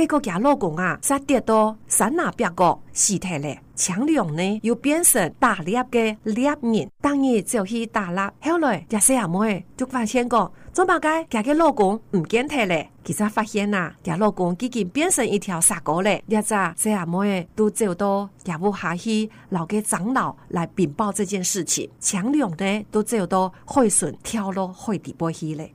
結果家老公啊，殺跌到三拿八個屍體咧，強梁呢又變成打獵個獵人，當然就去打獵。後來，吉西阿妹就發現講，做麼介家嘅老公唔見體咧，佢才發現啊，家老公已經變成一條傻狗咧。吉西阿妹都做到吉唔下去，老嘅長老來稟報這件事情，強梁咧，都做到虧損跳落海底背去咧。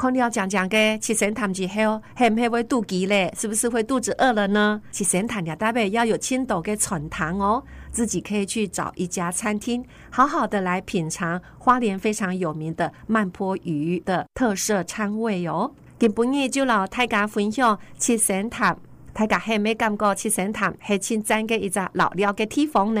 看你要講講七星潭之後，很唔會肚飢咧？是不是會肚子餓了呢？七星潭嘅代表要有青島的傳糖哦，自己可以去找一家餐廳，好好的來品嚐花蓮非常有名的曼波魚的特色餐位哦。今半夜就留大家分享七星潭，大家係咪感覺七星潭係前真嘅一隻遶寮嘅地方呢？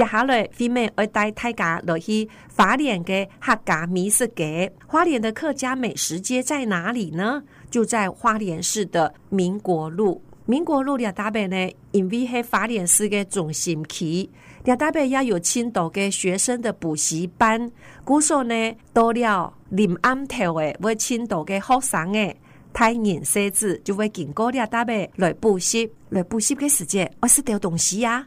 接下來，飛妹要帶大家來去花蓮嘅客家美食街。花蓮的客家美食街在哪裡呢？就在花蓮市的民國路。民國路兩大邊呢，因為是花蓮市嘅中心區，兩大邊也有青島嘅學生的補習班。古說呢，到了臨安頭誒，為青島的學生誒，太年設置就會經過兩大邊來補習，來補習，習的時間，我是丟東西呀。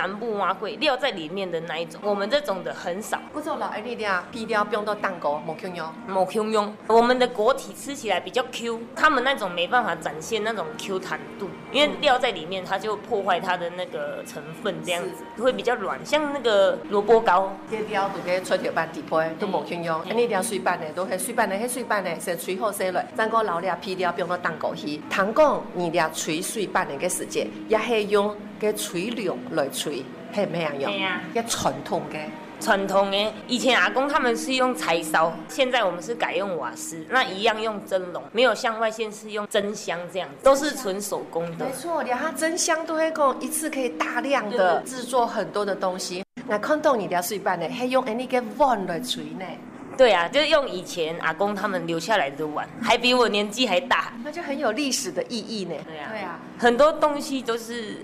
全部挖貴料在裏面的那一種，我們這種的很少。不做老一那點皮雕，不用做蛋糕，冇 Q 用，冇 Q 用。我們的果體吃起來比較 Q，他們那種沒辦法展現那種 Q 彈度，因為料在裏面，它就破壞它的那個成分，這樣子會比較軟。像那個蘿蔔糕，皮雕就給吹掉半底胚，都冇 Q 用。那點水粄的，都是水粄的，那水粄的先水好些來。蛋糕老料皮雕不用做蛋糕去，糖糕二點吹水粄那個時間也是用。嘅錘梁來錘係咩樣樣？一、啊、傳統嘅，傳統嘅。以前阿公他們是用柴燒，嗯、現在我們是改用瓦斯，那一樣用蒸籠，嗯、沒有像外縣是用蒸箱這樣，香都是純手工的。沒錯，然後蒸箱都係講一次可以大量的製作很多的東西。那看到你咧，水粄咧還用誒那個碗來錘咧。對啊，就用以前阿公他們留下來的碗， 還比我年紀還大，那就很有歷史的意義呢。對啊，對啊，很多東西都是。.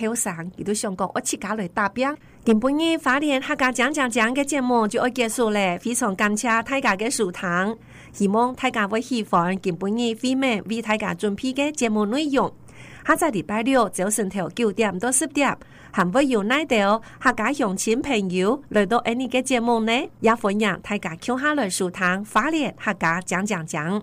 後生，伊都想講，我自家來答辯。今半夜花蓮客家講講講嘅節目就要結束咧，非常感謝大家的收聽，希望大家會喜歡今半夜飛妹為大家準備嘅節目內容。下個禮拜六早上頭九點到十點，還會有耐的哦，客家鄉親朋友來到誒，你嘅節目呢？也歡迎大家 Q 下來收聽，花蓮客家講講講。